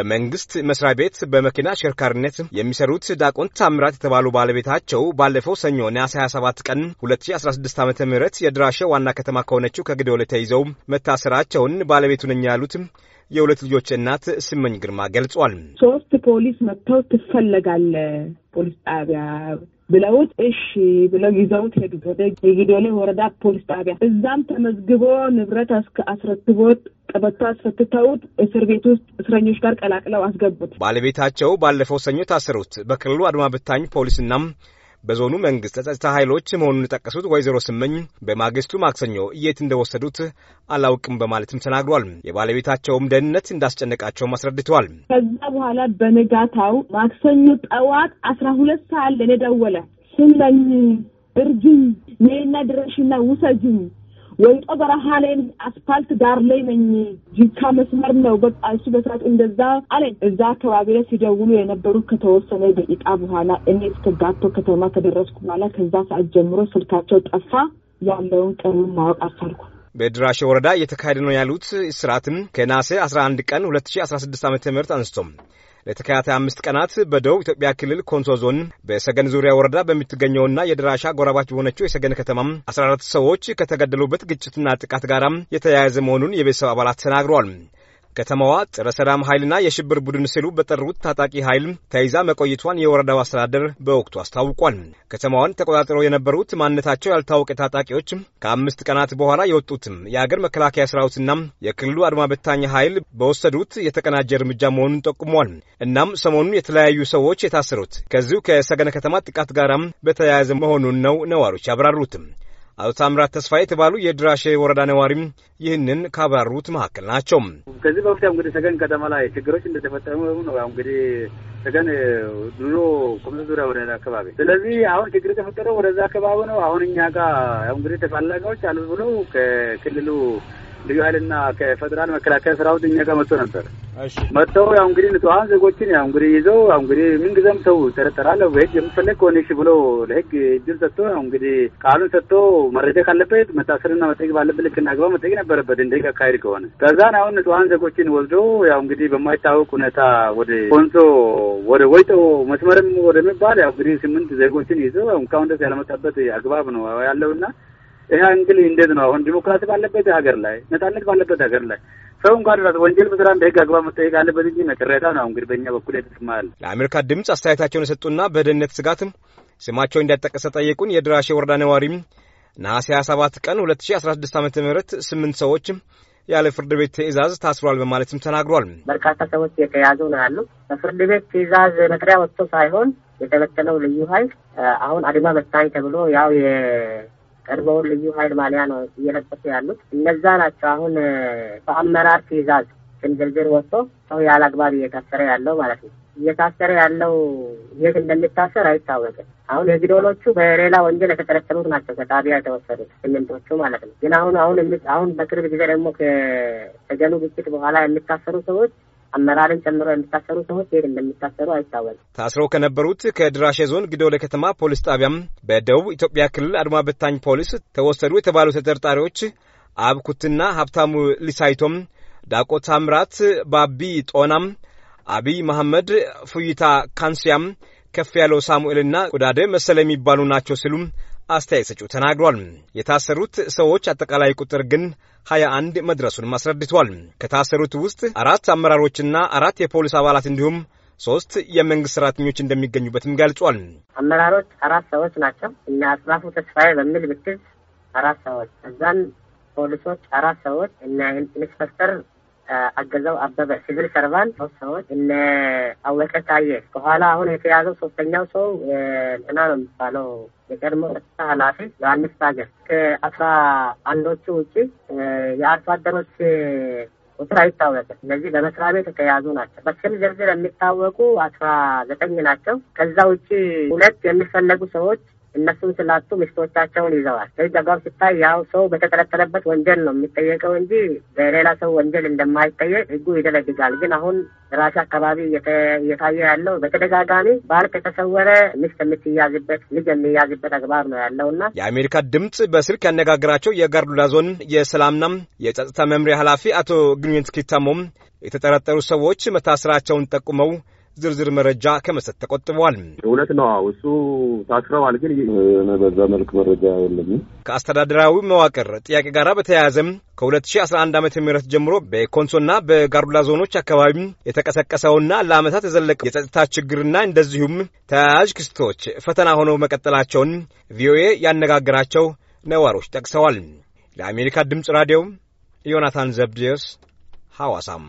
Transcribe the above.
በመንግስት መስሪያ ቤት በመኪና አሽከርካሪነት የሚሰሩት ዲያቆን ታምራት የተባሉ ባለቤታቸው ባለፈው ሰኞ ነሐሴ 27 ቀን 2016 ዓ ም የድራሸ ዋና ከተማ ከሆነችው ከግዶሌ ተይዘው መታሰራቸውን ባለቤቱ ነኝ ያሉት የሁለት ልጆች እናት ስመኝ ግርማ ገልጿል። ሶስት ፖሊስ መጥተው ትፈለጋለ ፖሊስ ጣቢያ ብለውት እሺ ብለው ይዘውት ሄዱት ወደ የጊዶሌ ወረዳ ፖሊስ ጣቢያ። እዛም ተመዝግቦ ንብረት አስረክቦት ቀበቶ አስፈትተውት እስር ቤት ውስጥ እስረኞች ጋር ቀላቅለው አስገቡት። ባለቤታቸው ባለፈው ሰኞ ታሰሩት በክልሉ አድማ ብታኝ ፖሊስና በዞኑ መንግስት ጸጥታ ኃይሎች መሆኑን የጠቀሱት ወይዘሮ ስመኝ በማግስቱ ማክሰኞ የት እንደወሰዱት አላውቅም በማለትም ተናግሯል። የባለቤታቸውም ደህንነት እንዳስጨነቃቸውም አስረድተዋል። ከዛ በኋላ በንጋታው ማክሰኞ ጠዋት አስራ ሁለት ሰዓት ለኔ ደወለ። ስመኝ እርጅኝ ነይና ድረሽና ውሰጅኝ ወይጦ በረሃ ላይ አስፋልት ዳር ላይ ነኝ ጅካ መስመር ነው በቃ እሱ በሰዓት እንደዛ አለኝ። እዛ አካባቢ ላይ ሲደውሉ የነበሩት ከተወሰነ ደቂቃ በኋላ እኔ እስከ ጋቶ ከተማ ከደረስኩ በኋላ ከዛ ሰዓት ጀምሮ ስልካቸው ጠፋ። ያለውን ቀኑን ማወቅ አልቻልኩም። በድራሼ ወረዳ እየተካሄደ ነው ያሉት ስርዓትም ከነሐሴ 11 ቀን 2016 ዓ ም አንስቶም ለተከታታይ አምስት ቀናት በደቡብ ኢትዮጵያ ክልል ኮንሶ ዞን በሰገን ዙሪያ ወረዳ በምትገኘውና የደራሻ ጎራባች በሆነችው የሰገን ከተማ 14 ሰዎች ከተገደሉበት ግጭትና ጥቃት ጋር የተያያዘ መሆኑን የቤተሰብ አባላት ተናግረዋል። ከተማዋ ጸረ ሰላም ኃይልና የሽብር ቡድን ሲሉ በጠሩት ታጣቂ ኃይል ተይዛ መቆየቷን የወረዳው አስተዳደር በወቅቱ አስታውቋል። ከተማዋን ተቆጣጥረው የነበሩት ማንነታቸው ያልታወቀ ታጣቂዎች ከአምስት ቀናት በኋላ የወጡትም የአገር መከላከያ ሰራዊትና የክልሉ አድማ በታኝ ኃይል በወሰዱት የተቀናጀ እርምጃ መሆኑን ጠቁሟል። እናም ሰሞኑን የተለያዩ ሰዎች የታሰሩት ከዚሁ ከሰገነ ከተማ ጥቃት ጋራም በተያያዘ መሆኑን ነው ነዋሪዎች ያብራሩትም። አቶ ታምራት ተስፋ የተባሉ የድራሼ ወረዳ ነዋሪም ይህንን ካብራሩት መካከል ናቸው። ከዚህ በፊት እንግዲህ ሰገን ከተማ ላይ ችግሮች እንደተፈጠሩ ነው። እንግዲህ ሰገን ድሮ ኮምሶ ዙሪያ ወረዳ አካባቢ፣ ስለዚህ አሁን ችግር የተፈጠረው ወደዛ አካባቢ ነው። አሁን እኛ ጋር እንግዲህ ተፈላጊዎች አሉ ብሎ ከክልሉ ልዩ ኃይልና ከፌዴራል መከላከያ ሰራዊት እኛ ጋር መጥቶ ነበር። መጥተው ያው እንግዲህ ንጹሐን ዜጎችን ያው እንግዲህ ይዘው ያው እንግዲህ ምንጊዜም ሰው ጠረጠራለሁ በህግ የምፈለግ ከሆነሽ ብሎ ለህግ እድል ሰጥቶ ያው እንግዲህ ቃሉን ሰጥቶ መረጃ ካለበት መታሰርና መጠየቅ ባለበት ልክ እና አግባብ መጠየቅ ነበረበት እንደ ህግ አካሄድ ከሆነ ከዛን አሁን ንጹሐን ዜጎችን ወስዶ ያው እንግዲህ በማይታወቅ ሁኔታ ወደ ኮንሶ ወደ ወይጦ መስመርም ወደሚባል ያው እንግዲህ ስምንት ዜጎችን ይዘው ያው እስካሁን ድረስ ያለመጣበት አግባብ ነው ያለውና ይህ እንግዲህ እንዴት ነው አሁን ዲሞክራሲ ባለበት ሀገር ላይ ነጻነት ባለበት ሀገር ላይ ሰው እንኳን ራሱ ወንጀል በስራ በህግ አግባብ መጠየቅ አለበት እንጂ መቅረታ ነው እንግዲህ በእኛ በኩል የተስማል። ለአሜሪካ ድምፅ አስተያየታቸውን የሰጡና በደህንነት ስጋትም ስማቸው እንዳይጠቀሰ ጠየቁን የድራሼ ወረዳ ነዋሪም ነሐሴ 27 ቀን 2016 ዓ ም ስምንት ሰዎች ያለ ፍርድ ቤት ትእዛዝ ታስሯል በማለትም ተናግሯል። በርካታ ሰዎች የተያዙ ነው ያሉ በፍርድ ቤት ትእዛዝ መጥሪያ ወጥቶ ሳይሆን የተበተነው ልዩ ኃይል አሁን አድማ መታኝ ተብሎ ያው ቀድሞውን ልዩ ኃይል ማሊያ ነው እየለበሱ ያሉት እነዛ ናቸው። አሁን በአመራር ትዕዛዝ ስም ዝርዝር ወጥቶ ሰው ያለ አግባብ እየታሰረ ያለው ማለት ነው። እየታሰረ ያለው የት እንደሚታሰር አይታወቅም። አሁን የግዶሎቹ በሌላ ወንጀል የተጠረጠሩት ናቸው ከጣቢያ የተወሰዱት ስምንቶቹ ማለት ነው። ግን አሁን አሁን አሁን በቅርብ ጊዜ ደግሞ ከተገኑ ግጭት በኋላ የሚታሰሩ ሰዎች አመራርን ጨምሮ የሚታሰሩ ሰዎች የት እንደሚታሰሩ አይታወቅም። ታስረው ከነበሩት ከድራሼ ዞን ግዶለ ከተማ ፖሊስ ጣቢያም በደቡብ ኢትዮጵያ ክልል አድማ በታኝ ፖሊስ ተወሰዱ የተባሉ ተጠርጣሪዎች አብኩትና ሀብታሙ ሊሳይቶም፣ ዳቆ ታምራት፣ ባቢ ጦናም፣ አቢይ መሐመድ፣ ፉይታ ካንሲያም ከፍ ያለው ሳሙኤልና ቁዳደ መሰለ የሚባሉ ናቸው ሲሉም አስተያየት ሰጪው ተናግሯል። የታሰሩት ሰዎች አጠቃላይ ቁጥር ግን 21 መድረሱንም አስረድቷል። ከታሰሩት ውስጥ አራት አመራሮችና አራት የፖሊስ አባላት እንዲሁም ሶስት የመንግስት ሰራተኞች እንደሚገኙበትም ገልጿል። አመራሮች አራት ሰዎች ናቸው። እነ አስራፉ ተስፋዬ በሚል ብትዝ አራት ሰዎች እዛን ፖሊሶች አራት ሰዎች እነ ኢንስፐክተር አገዛው አበበ ሲቪል ሰርቫንት ሶስት ሰዎች እነ አወቀ ታየ በኋላ አሁን የተያዘው ሶስተኛው ሰው እንትና ነው የሚባለው የቀድሞ ጸጥታ ኃላፊ ዮሐንስ ታገር ከአስራ አንዶቹ ውጭ የአርሶ አደሮች ቁጥር አይታወቅም። እነዚህ በመስሪያ ቤት የተያዙ ናቸው። በስም ዝርዝር የሚታወቁ አስራ ዘጠኝ ናቸው። ከዛ ውጭ ሁለት የሚፈለጉ ሰዎች እነሱም ስላጡ ሚስቶቻቸውን ይዘዋል። ስለዚህ አግባብ ሲታይ ያው ሰው በተጠረጠረበት ወንጀል ነው የሚጠየቀው እንጂ በሌላ ሰው ወንጀል እንደማይጠየቅ ህጉ ይደነግጋል። ግን አሁን ራሴ አካባቢ እየታየ ያለው በተደጋጋሚ ባል ከተሰወረ ሚስት የምትያዝበት ልጅ የሚያዝበት አግባብ ነው ያለውና የአሜሪካ ድምፅ በስልክ ያነጋገራቸው የጋርዱላ ዞን የሰላምና የጸጥታ መምሪያ ኃላፊ አቶ ግንዌንት ኪታሞም የተጠረጠሩ ሰዎች መታሰራቸውን ጠቁመው ዝርዝር መረጃ ከመስጠት ተቆጥበዋል። እውነት ነው እሱ ታስረዋል፣ ግን በዛ መልክ መረጃ የለም። ከአስተዳደራዊ መዋቅር ጥያቄ ጋር በተያያዘም ከ2011 ዓ ም ጀምሮ በኮንሶና በጋርዱላ ዞኖች አካባቢ የተቀሰቀሰውና ለዓመታት የዘለቀው የጸጥታ ችግርና እንደዚሁም ተያያዥ ክስቶች ፈተና ሆነው መቀጠላቸውን ቪኦኤ ያነጋገራቸው ነዋሪዎች ጠቅሰዋል። ለአሜሪካ ድምፅ ራዲዮ ዮናታን ዘብዴዎስ ሐዋሳም